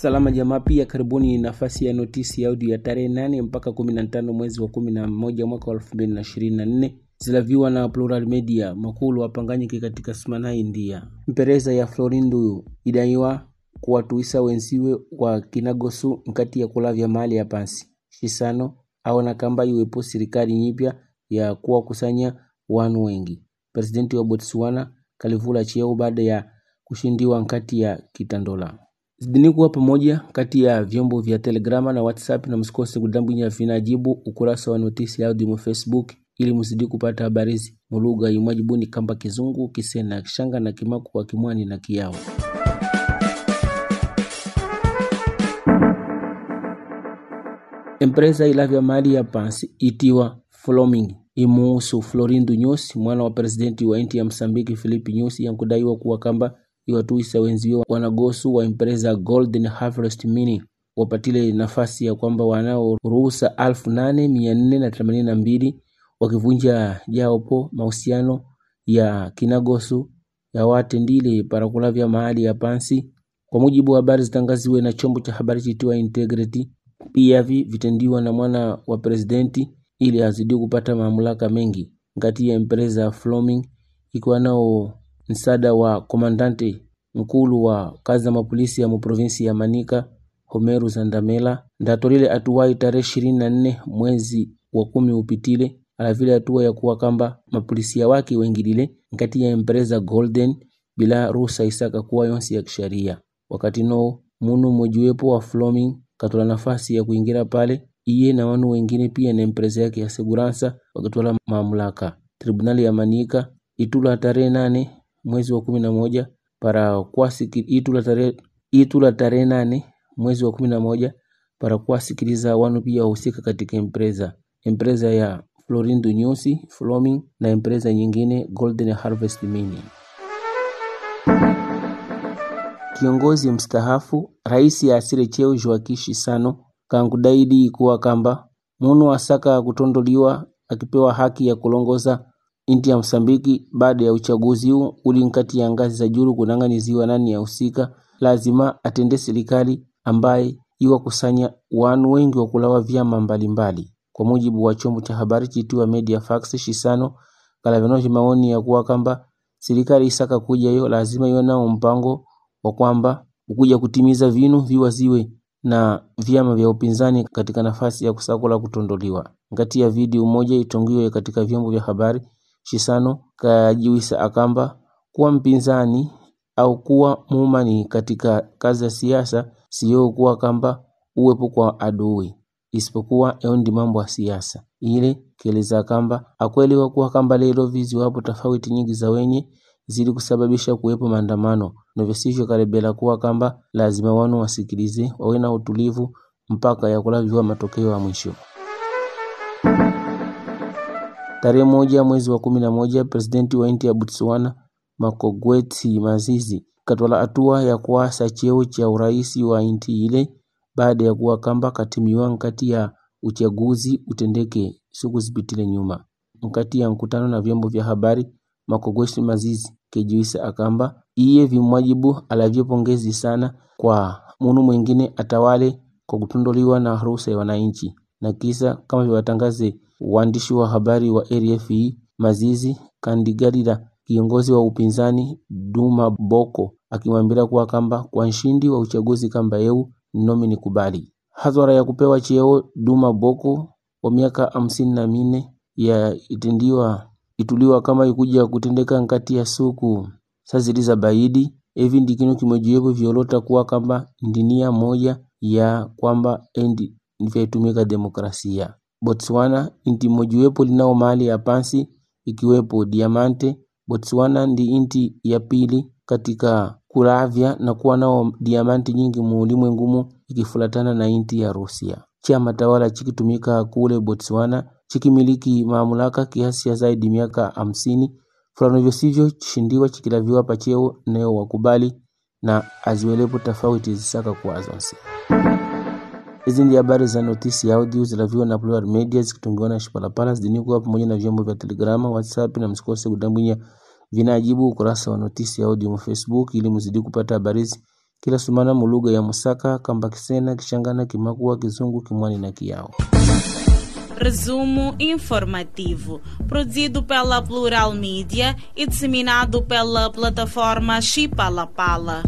Salama Jamaa pia karibuni nafasi ya notisi ya audio ya tarehe 8 mpaka 15 mwezi wa 11 mwaka 2024 zilaviwa na Plural Media. Makulu apanganyike katika simana India. Mpereza ya Florindu idaiwa kuwatuisa wenziwe wa kinagosu nkati ya kulavya mali ya pansi shisano aona kamba iwepo serikali nyipya ya kuwakusanya wanu wengi. Presidenti wa Botswana kalivula cheo baada ya kushindiwa nkati ya kitandola Zidini kuwa pamoja kati ya vyombo vya Telegrama na WhatsApp na msikose kudambwinya vinajibu ukurasa wa notisi audio Facebook ili mzidi kupata habari mulugha imwajibuni kamba Kizungu, Kisena, Kishanga na Kimaku kwa Kimwani na Kiao. Empresa ilavya mali ya pansi itiwa Floming imuhusu Florindo Nyusi mwana wa presidenti wa inti ya Msambiki Filipi Nyusi yankudaiwa kuwa kamba iwatuse wenzio wanagosu wa Impreza Golden Harvest Mini wapatile nafasi ya kwamba wanao ruhusa wakivunja jaopo mahusiano ya kinagosu ya para kulavya mahali ya pansi kwa mujibu wa habari zitangaziwe na chombo cha habari chitiwa Integrity. Pia vi vitendiwa na mwana wa presidenti ili azidi kupata mamlaka mengi ngati ya Impreza Flaming ikiwa nao msaada wa komandante Mkulu wa kazi za mapolisi ya muprovinsi ya Manika Homeru zandamela ndatolile atuwai tarehe ishirini na nne mwezi wa kumi upitile alavile hatua ya kuwa kamba mapolisia wake wengilile nkati ya empresa Golden bila ruhusa isaka kuwa yonsi ya kisharia wakati no munu mojiwepo wa Fleming katola nafasi ya kuingira pale iye na wanu wengine pia na empresa yake ya seguransa wakatola mamlaka tribunali ya Manika itula tarehe nane mwezi wa kumi na moja parakwasi itula itu la tare nane mwezi wa kumi na moja parakuwasikiliza wanu pia wahusika katika empresa empresa ya Florindo Nyusi Floming na empresa nyingine Golden Harvest Mini. Kiongozi mstahafu rais asire cheo Joakishi Sano kangudaidi kuwa kamba munu asaka kutondoliwa akipewa haki ya kulongoza inti ya Msambiki baada ya uchaguzi huu ulinkati ya ngazi za juru kunang'aniziwa nani ya husika lazima atende serikali ambaye iwakusanya wanu wengi wakulawa vyama mbalimbali. Kwa mujibu wa chombo cha habari chitiwa fax Shisano kalavenoshi maoni ya kuwa kamba serikali isaka kuja hiyo lazima iwe nao mpango wa kwamba ukuja kutimiza vinu viwaziwe na vyama vya upinzani katika nafasi ya kusakula kutondoliwa. Ngati ya video moja itongiwe katika vyombo vya habari Shisano kajiwisa akamba kuwa mpinzani au kuwa muumani katika kazi ya siasa kuwa kamba uwepo kwa adui isipokuwa ndi mambo ya siasa ile keleza kamba akweliwa kuwa kamba lelo viziwapo tofauti nyingi za wenye zili kusababisha kuwepo maandamano novyosivyo kalebela kuwa kamba lazima wanu wasikilize wawe na utulivu mpaka yakulaviwa matokeo ya mwisho. Tarehe moja mwezi wa kumi na moja Presidenti wa nchi ya Botswana Makogwetsi Masisi katwala hatua ya kuasa cheo cha urais wa nchi ile baada ya kuwa kamba katimiwa nkati ya uchaguzi utendeke siku zipitile nyuma. Nkati ya mkutano na vyombo vya habari Makogwetsi Masisi kejuisa akamba iye vimwajibu alavyopongezi sana kwa munu mwingine atawale kwa kutondoliwa na ruhusa ya wananchi na kisa kama viwatangaze Waandishi wa habari wa RFI Mazizi Kaliganda kiongozi wa upinzani Duma Boko akimwambia kuwa kamba kwa nshindi wa uchaguzi kamba yeu nomi ni kubali hadhara ya kupewa cheo Duma Boko wa miaka hamsini na mine ya itendiwa ituliwa kama ikuja kutendeka nkati ya suku saziliza baidi evi ndikino kimojiwepo vyolota kuwa kamba ndinia moja ya kwamba endi nivyatumika demokrasia Botswana inti mojuwepo linao mali ya pansi ikiwepo diamante Botswana ndi inti ya pili katika kulavya na kuwa nao diamanti nyingi mu ulimwengumu ikifuatana na inti ya rusia chama tawala chikitumika kule Botswana chikimiliki mamlaka kiasi ya zaidi miaka hamsini fulani vyosivyo chishindiwa chikilaviwa pacheo neo wakubali na aziwelepo tofauti zisaka kuwazonse Hizi ndio habari za notisi ya audio zilaviwa na Plural Media zikitungiwa na Shipalapala zidinikwa pamoja na vyombo vya Telegram, WhatsApp na msikose kudambwinya vinajibu ukurasa wa notisi ya audio mu Facebook ili mzidi kupata habari kila sumana mu lugha ya Musaka, kamba kisena Kishangana, Kimakua, Kizungu, Kimwani na Kiao. Resumo informativo, produzido pela Plural Media e disseminado pela plataforma Chipalapala.